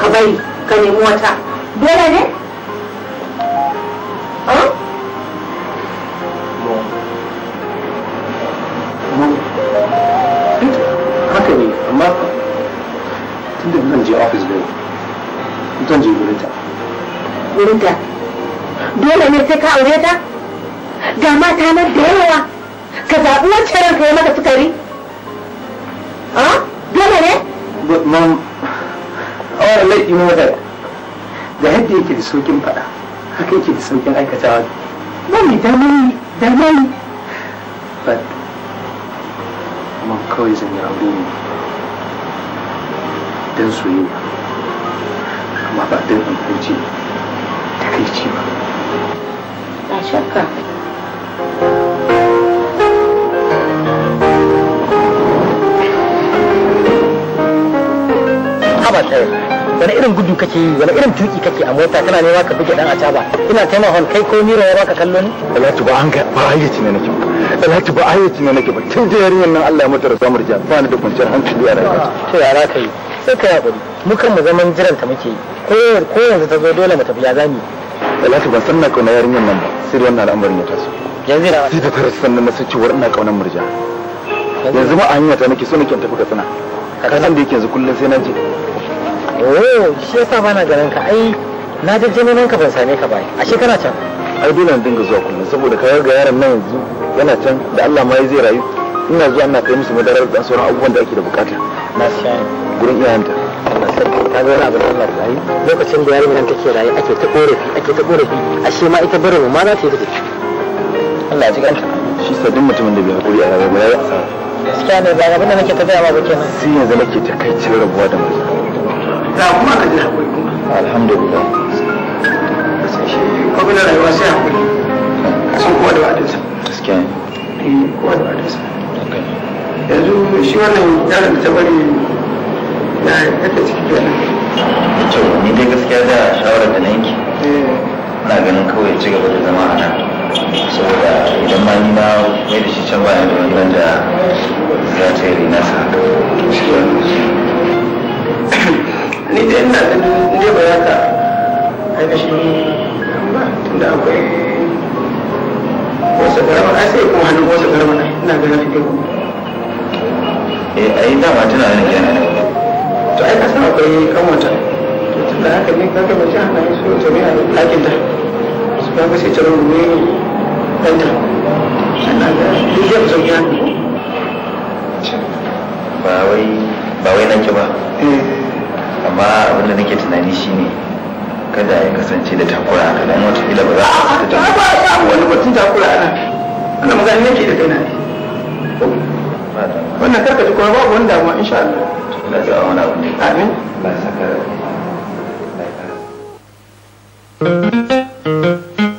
ka bari ka nemi wata dole ne haka ne amma tun da zan je ofis bai zan je wurinta wurinta dole ne sai ka aure ta ga mata na da yawa ka zaɓi wancan ranka ya maka sukari a dole ne mam awar laifi na da ga yadda yake da saukin faɗa haka yake da saukin aikatawa mami damani damani but mam kawai zan yi aure ne don soyayya amma ba don amfanci ta kai ci ba na shakka acaba yi wani irin gudu kake yi wani irin tuki kake a mota kana nema ka buge dan acaba ina taina hon kai ko mira ya baka kallo ne talatu ba an ga ba ayyaci ne nake talatu ba ayyaci ne nake ba tun da yarinyan nan Allah ya mata rasa murja ba ni da kwanciyar hankali a rayuwa to ya raka yi sai ka yaƙuri mu kan mu zaman jiran ta muke yi ko yanzu ta zo dole mu tafi ya zamu talatu ban san na kauna yarinyar nan ba sai wannan al'amarin ya taso yanzu da sai ta tarasa sannan na san cewa ina kaunar murja yanzu ma a hanyar ta nake so nake tafi ka sana ka san da yake yanzu kullum sai na je oh shi yasa bana ganin ka ai na je neman ka ban same ka ba a shekara can ai dole na dinga zuwa kullum saboda ka ga yaron nan yanzu yana can da Allah ma zai rayu ina zuwa ina kai musu madarar da sauran abubuwan da ake da bukata na sha gurin iyayenta Allah sarki ta ga wani abu da Allah rayu lokacin da yaron nan take rayu ake ta korafi ake ta korafi ashe ma ita barin ma za ta yi ta tafi Allah ya ji kanta shi duk mutumin da bai hakuri a rayuwa ba ya yi asara gaskiya ne ba abin da nake ta gaya ba kenan sai yanzu nake takaicin rabuwa da mutum da kuma ka ji haƙuri kuma alhamdulillah ko bin rayuwa sai haƙuri kasan kowa da wa'adinsa gaskiya ne eh, kowa da wa'adinsa yanzu shi wannan yaron da ta bari ya yadda ciki kenan to ni dai gaskiya da shawarar da na yanki eh. ina ganin kawai ci gaba da zama a nan saboda idan ma ni na mai da shi can baya da wannan da za ta yi nasa ni da ina da ne ba haka ainihin ba tunda akwai wasu garama a' sai kuma hannun wasu garama na ina ganin da eh ai dama tana to ai ka to tunda haka ne ba ci hannun su ne ɗakin ta su ba ba sai ta yi ba wai ba wai nan ki ba eh amma abinda nake tunani shine kada ya kasance da takura a kada wata watakila ba za a kasance da takura a wani batun takura a nan ana magana nake da kai kaina wannan karka kuma babu wani damuwa insha Allah Allah wani abu ne amin Allah ya saka Thank you.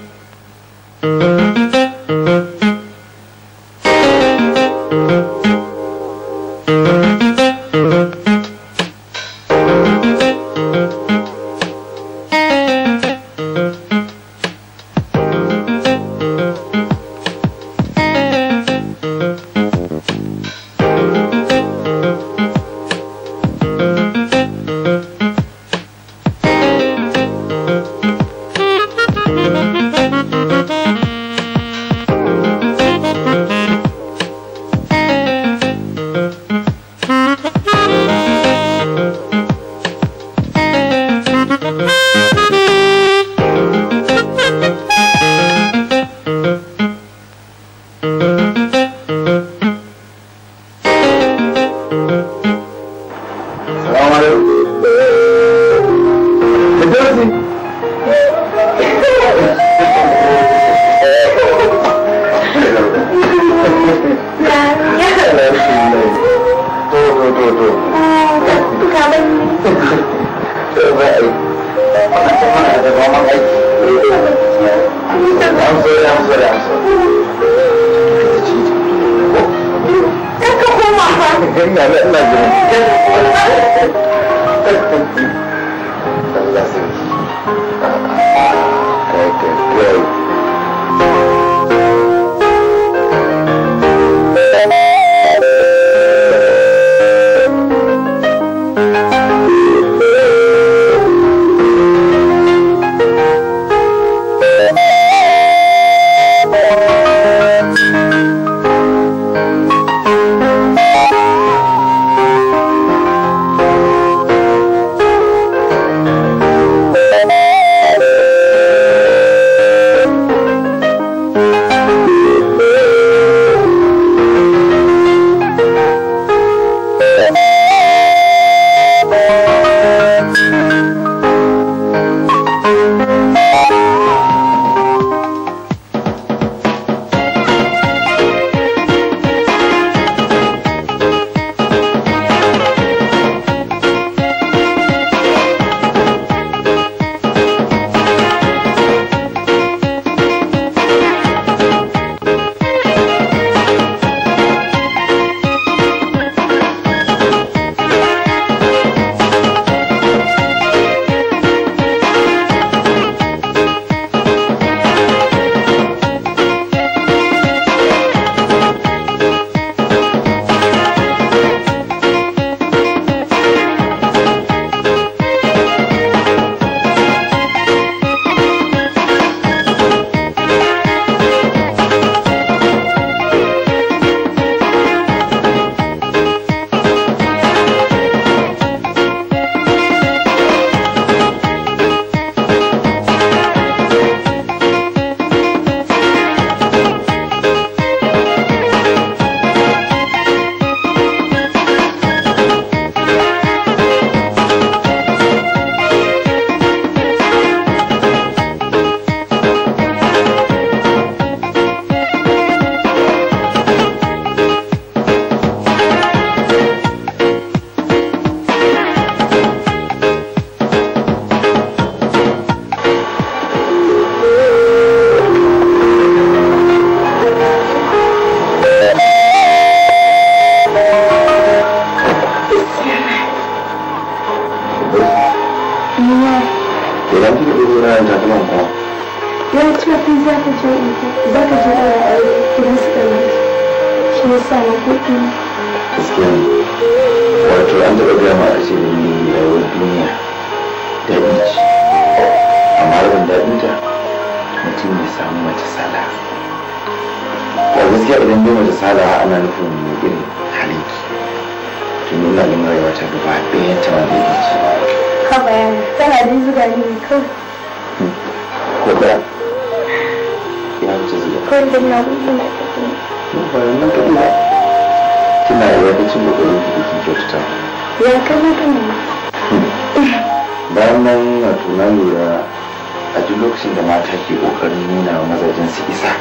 a duk lokacin da mata ke kokarin nuna wa mazajen su isa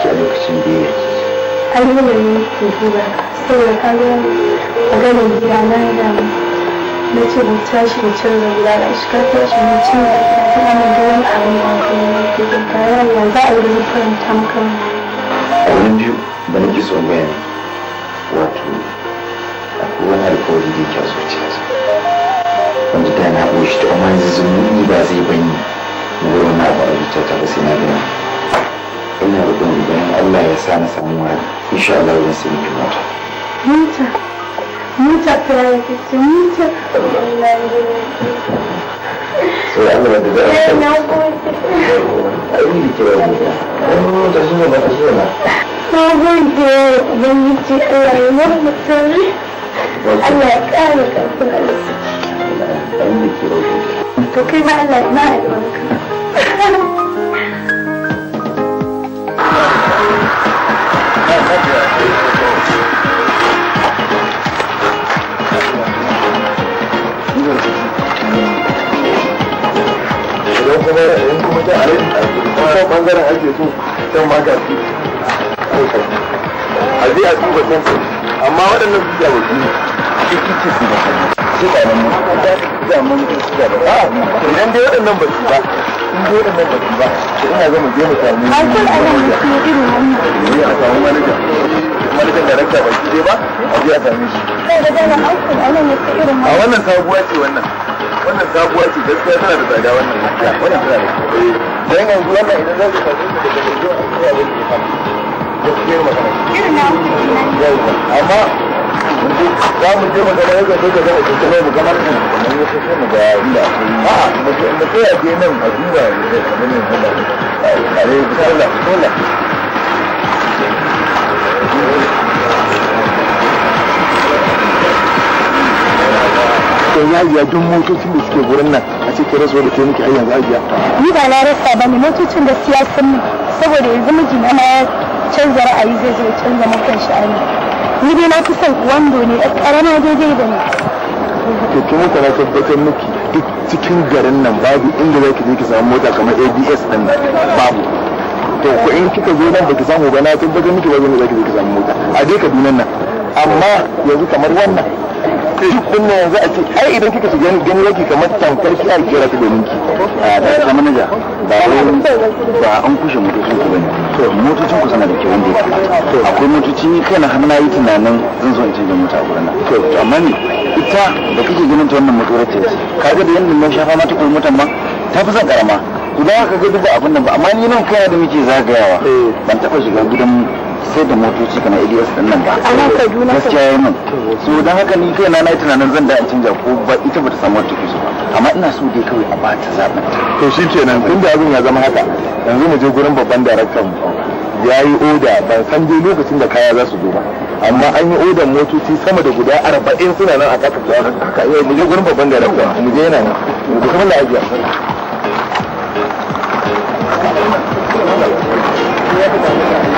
ke lokacin da ya yi ne ke duba ka saboda kaga ga maganin gida na ya na ce da tashi da cin da gida da shi ka tashi da cin da gida ta ana da wani abin da ka yi ke da kayan yanzu a wurin faranta maka a wurin biyu da nake so bayan wato akwai wani alkawari da ya a zuciyarsa wanda da na ɓoshi ta amma yanzu zumuni ba zai bani da wani abu a zuciyata ba sai na gina ina roƙon idan Allah ya sa na samu wani insha Allah zan sai miki mata mata mata fara kike mata ya Allah da zai ai na gode ai ni kira mu da oh da shi ne ba shi ne na zan yi ci Allah ya mutu Allah ya kare ka kuma ai ni kira mu to kai ma na a amma waɗannan idan dai waɗannan ba su ba in dai waɗannan ba su ba to ina ga mu je mu samu a kun ana musu irin wannan ne a samu manajan manajan darakta ba shi dai ba a je a same shi a wannan sabuwa ce wannan wannan sabuwa ce gaskiya tana da tsada wannan gaskiya wannan tana da tsada dan yanzu wannan idan za ka same shi daga yanzu an zuwa wani ne gaskiyar magana amma za mu je magana yau zai ga zama kusa mai gamar nan kamar ya kusa mu ga inda a mutum ya je nan a duba zai ya yi duk motocin da suke gurin nan a cikin rasuwa da ke muke ajiya. Ni ba na rasa ba ne motocin da siya sun saboda yanzu mijina ma canza ra'ayi zai zo canza makan sha'ani ni dai na fi son wando ne a ƙarama daidai da ni to kin muka na tabbatar miki duk cikin garin nan babu inda zaki je ki samu mota kamar ABS din nan babu to ko in kika zo nan baki samu ba na tabbatar miki babu inda zaki je ki samu mota a je dunan nan amma yanzu kamar wannan duk din yanzu a ce ai idan kika shiga gani yake kamar tankar ki ai kira ki domin ki a da ta manaja ba ba an kushe motocin ku bane to motocin ku sana da kyau wanda ya kamata akwai motoci ni kai na hannu yi tunanin zan zo in canza mota a gurin nan to amma ni ita da kike ganin ta wannan matsorar ce ka ga da yanda mun shafa mata kuma motan ma ta fi son karama guda ka ga duk abin nan ba amma ni nan kai da muke zagayawa eh. ban taɓa shiga gidan sai da motoci kamar ADS din nan ba. Ana gaskiya ya nan. So dan haka ni kai na nayi tunanin zan da in canja ko ba ita ba ta samu wata kiso amma ina so dai kawai a ba ta zaɓin. To shi nan tun da abin ya zama haka yanzu mu je gurin babban daraktan mu ya yi oda ban san dai lokacin da kaya za su zo ba amma an yi odan motoci sama da guda arba'in suna nan a ƙasa haka yau eh, mu je gurin babban daraktan mu je yana nan mu kuma da ajiya. Thank you.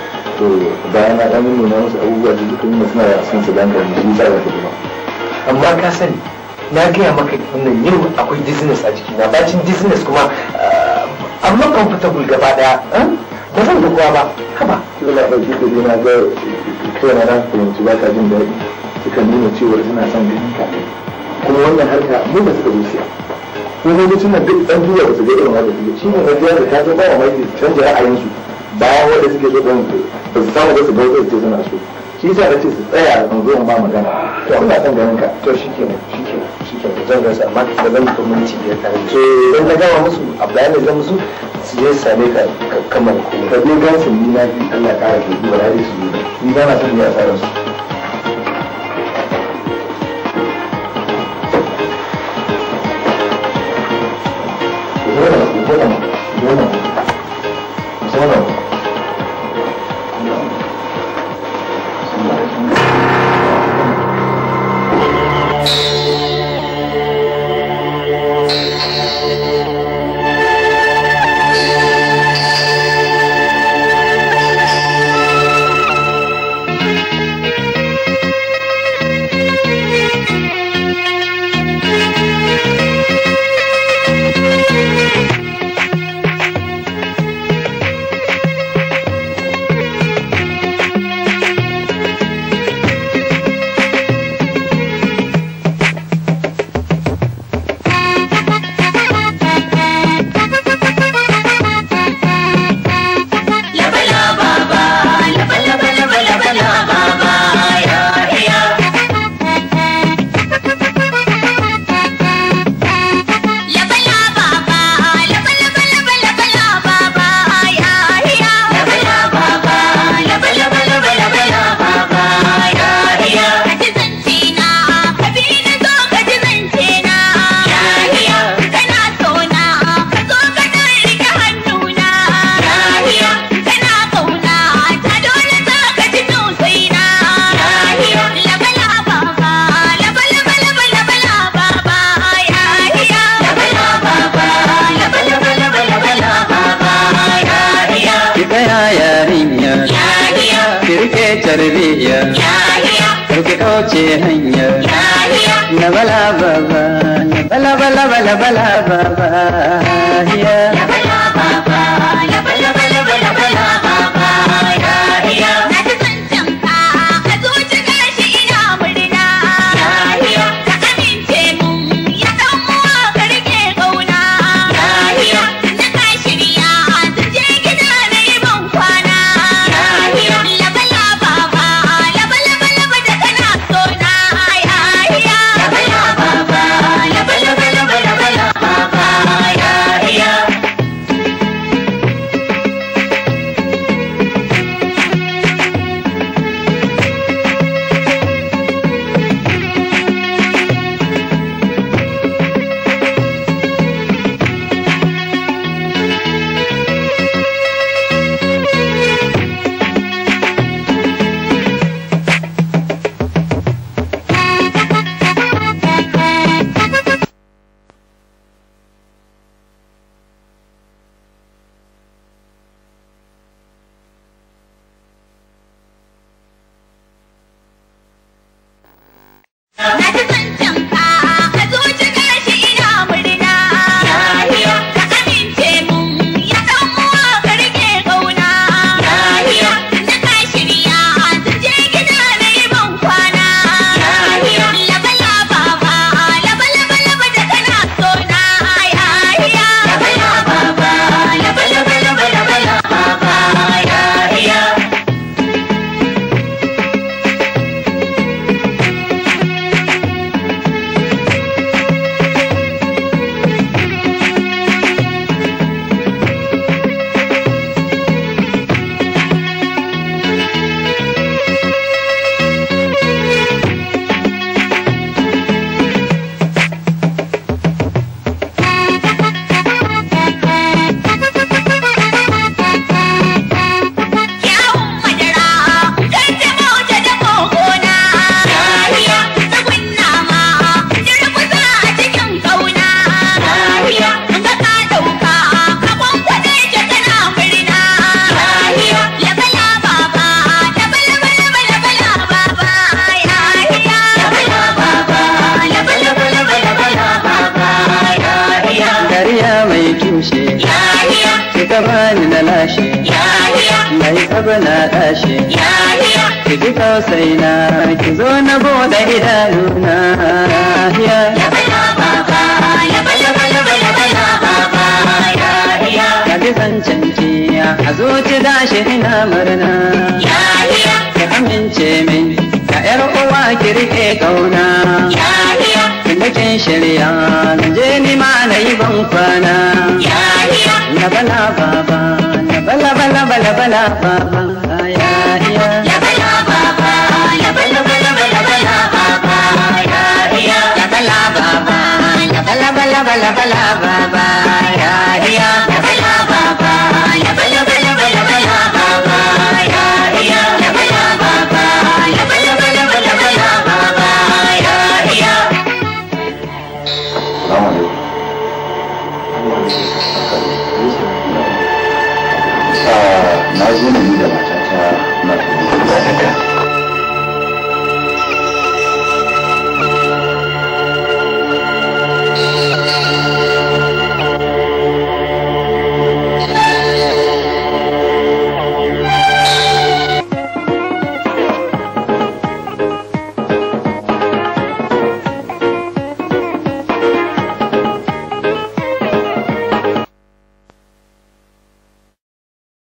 to bayan na ɗan nuna musu abubuwa da duk nuna suna son su ganka ne ni za ka ba amma ka sani na gaya maka wannan yau akwai dizziness a jiki na bacin dizziness kuma amma eh, comfortable gaba daya eh? ba zan kowa ba haba lola ba duk da na ga kaina na fahimci ba ka jin daɗi suka nuna cewa suna son ganin ka kuma wannan harka mu ba suka zuciya ko cin nan duk ɗan duniya ba su ga irin wannan shi ne na jiya da ta zo ba wa mai canja ra'ayinsu bayan wanda suke so ɗin ba su samu ba su ga wanda suke suna so shi sa da ce su tsaya a ma magana to ina son ganin ka to shikenan zan gasa amma da zan ko minti biyar tare da eh. na gama musu a bayanin zan musu su je same kamar ka je gansu ni na fi Allah ke da su ni ba na son ya tsara su